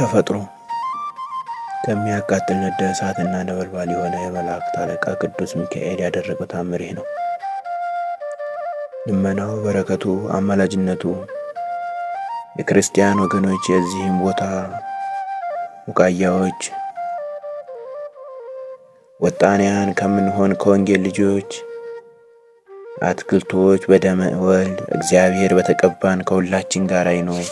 ተፈጥሮ ከሚያቃጥል ነደ እሳትና ነበልባል የሆነ የመላእክት አለቃ ቅዱስ ሚካኤል ያደረገው ታምር ይህ ነው። ልመናው፣ በረከቱ፣ አማላጅነቱ የክርስቲያን ወገኖች የዚህም ቦታ ሙቃያዎች ወጣንያን ከምንሆን ከወንጌል ልጆች አትክልቶች በደመ ወልድ እግዚአብሔር በተቀባን ከሁላችን ጋር ይኖር።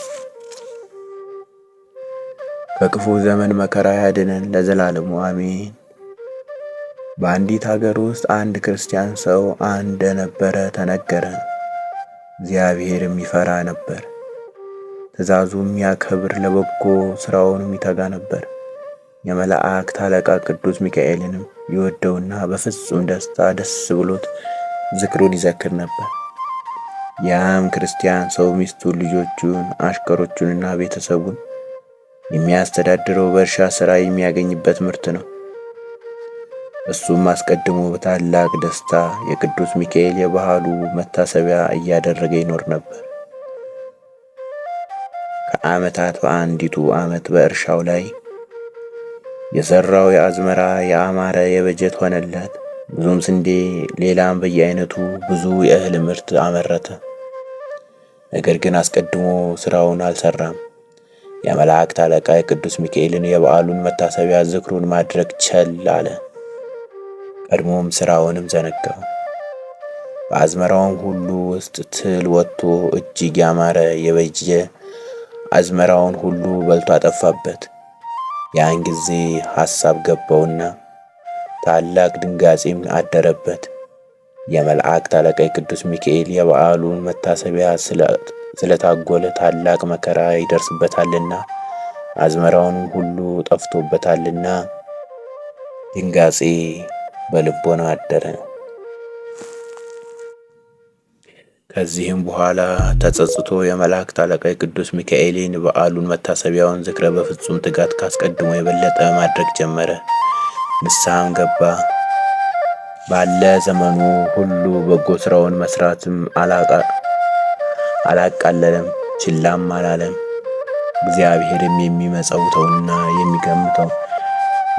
ከክፉ ዘመን መከራ ያድነን ለዘላለሙ አሜን። በአንዲት ሀገር ውስጥ አንድ ክርስቲያን ሰው እንደነበረ ተነገረ። እግዚአብሔርም ይፈራ ነበር፣ ትእዛዙም ያከብር፣ ለበጎ ሥራውንም ይተጋ ነበር። የመላእክት አለቃ ቅዱስ ሚካኤልንም ይወደውና በፍጹም ደስታ ደስ ብሎት ዝክሩን ይዘክር ነበር። ያም ክርስቲያን ሰው ሚስቱን፣ ልጆቹን፣ አሽከሮቹንና ቤተሰቡን የሚያስተዳድረው በእርሻ ሥራ የሚያገኝበት ምርት ነው። እሱም አስቀድሞ በታላቅ ደስታ የቅዱስ ሚካኤል የባህሉ መታሰቢያ እያደረገ ይኖር ነበር። ከዓመታት በአንዲቱ ዓመት በእርሻው ላይ የሠራው የአዝመራ የአማረ የበጀት ሆነላት። ብዙም ስንዴ፣ ሌላም በየአይነቱ ብዙ የእህል ምርት አመረተ። ነገር ግን አስቀድሞ ሥራውን አልሠራም። የመላእክት አለቃ የቅዱስ ሚካኤልን የበዓሉን መታሰቢያ ዝክሩን ማድረግ ቸል አለ። ቀድሞም ሥራውንም ዘነጋው። በአዝመራውም ሁሉ ውስጥ ትል ወጥቶ እጅግ ያማረ የበጀ አዝመራውን ሁሉ በልቶ አጠፋበት። ያን ጊዜ ሐሳብ ገባውና ታላቅ ድንጋጼም አደረበት። የመላእክት አለቃ የቅዱስ ሚካኤል የበዓሉን መታሰቢያ ስለት ስለታጎለ ታላቅ መከራ ይደርስበታልና አዝመራውን ሁሉ ጠፍቶበታልና ድንጋጼ በልቦና አደረ። ከዚህም በኋላ ተጸጽቶ የመላእክት አለቃ ቅዱስ ሚካኤልን በዓሉን መታሰቢያውን ዝክረ በፍጹም ትጋት ካስቀድሞ የበለጠ ማድረግ ጀመረ። ንስሐም ገባ። ባለ ዘመኑ ሁሉ በጎ ስራውን መስራትም አላቃ። አላቃለለም፣ ችላም አላለም። እግዚአብሔርም የሚመጸውተውና የሚገምተው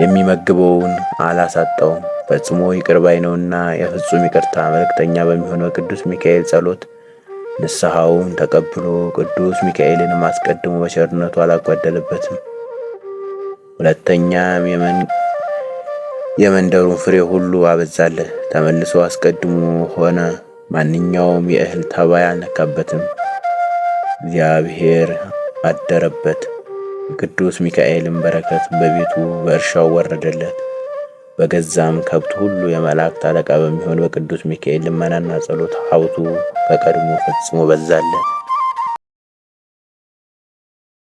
የሚመግበውን አላሳጠውም። ፈጽሞ ይቅር ባይ ነውና የፍጹም ይቅርታ መልእክተኛ በሚሆነው ቅዱስ ሚካኤል ጸሎት ንስሐውን ተቀብሎ ቅዱስ ሚካኤልንም አስቀድሞ በቸርነቱ አላጓደለበትም። ሁለተኛም የመንደሩን ፍሬ ሁሉ አበዛለህ። ተመልሶ አስቀድሞ ሆነ ማንኛውም የእህል ተባይ አልነካበትም። እግዚአብሔር አደረበት። ቅዱስ ሚካኤልም በረከት በቤቱ በእርሻው ወረደለት። በገዛም ከብት ሁሉ የመላእክት አለቃ በሚሆን በቅዱስ ሚካኤል ልመናና ጸሎት ሀብቱ ከቀድሞ ፈጽሞ በዛለት።